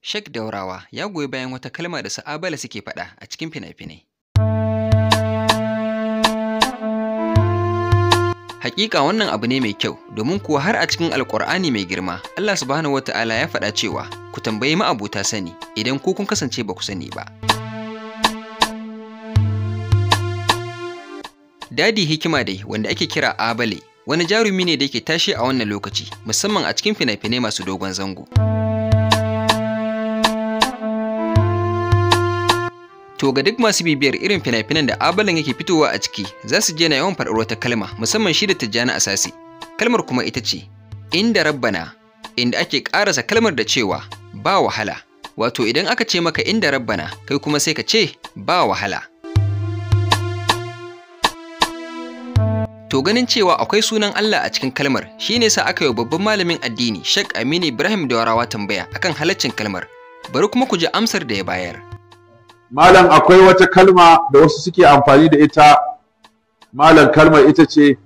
Sheikh Daurawa ya goyi bayan wata kalma da Sa'abala suke faɗa a cikin fina-finai. Hakika wannan abu ne mai kyau domin kuwa har a cikin alkur'ani mai girma Allah subhanahu wata'ala ya faɗa cewa ku tambayi ma'abuta sani idan ku kun kasance ba ku sani ba. Dadi Hikima dai wanda ake kira Abale wani jarumi ne da yake tashi a wannan lokaci musamman a cikin fina-finai masu dogon zango. To ga duk masu bibiyar irin fina-finan da abalan yake fitowa a ciki za su je na yawan faɗar wata kalma musamman shi da tijjani asasi. Kalmar kuma ita ce inda rabbana inda ake ƙarasa kalmar da cewa ba wahala. Wato idan aka ce maka inda rabbana kai kuma sai ka ce ba wahala. To ganin cewa akwai sunan Allah a cikin kalmar shi ne sa aka yi babban malamin addini Sheikh Aminu Ibrahim Dawarawa tambaya akan halaccin kalmar. Bari kuma ku ji amsar da ya bayar. malam akwai wata kalma da wasu suke amfani da ita malam kalmar ita ce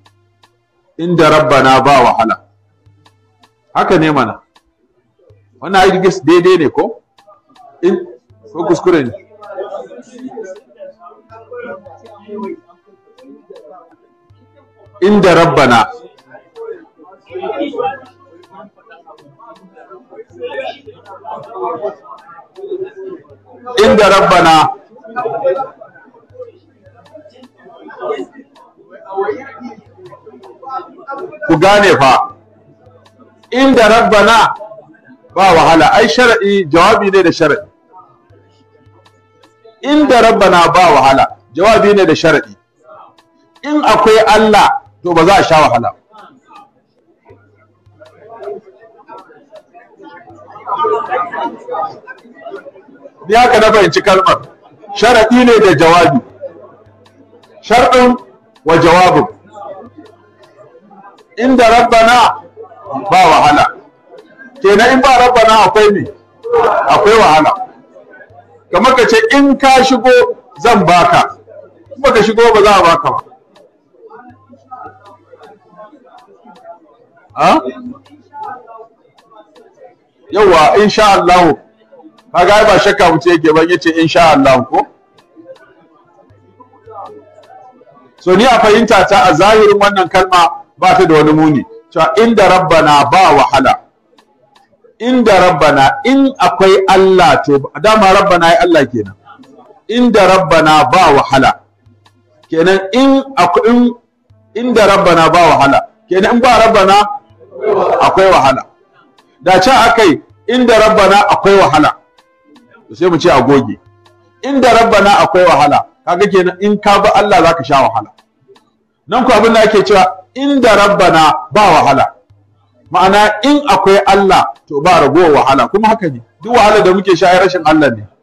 inda rabbana ba wahala haka ne mana wannan ai gis daidai ne ko in ko kuskure ne inda rabbana inda rabbana ku gane fa inda rabbana ba wahala ai shar'i jawabi ne da shar'i inda rabbana ba wahala jawabi ne da shar'i in akwai Allah to ba za a sha wahala ba. ni haka na fahimci kalmar sharaɗi ne da jawabi sharɗin wa jawabin inda rabbana ba wahala kenan in ba rabbana akwai ne akwai wahala kamar ka ce in ka shigo zan baka kuma ka shigo ba za a baka ba in ah? insha Allah kaga ba shakka mutum yake ban yace insha Allah ko so ni a fahimta ta a zahirin wannan kalma ba ta da wani muni to inda rabbana ba wahala inda rabbana in akwai Allah to dama rabbana ya Allah kenan inda rabbana ba wahala kenan in akwai inda rabbana ba wahala kenan in ba rabbana akwai wahala da ce akai inda rabbana akwai wahala to sai mu ce a goge inda rabbana akwai wahala kaga kenan in ka ba Allah zaka sha wahala nan ku abin da ake cewa inda rabbana ba wahala ma'ana in akwai Allah to ba ragowar wahala kuma haka ne duk wahala da muke sha rashin Allah ne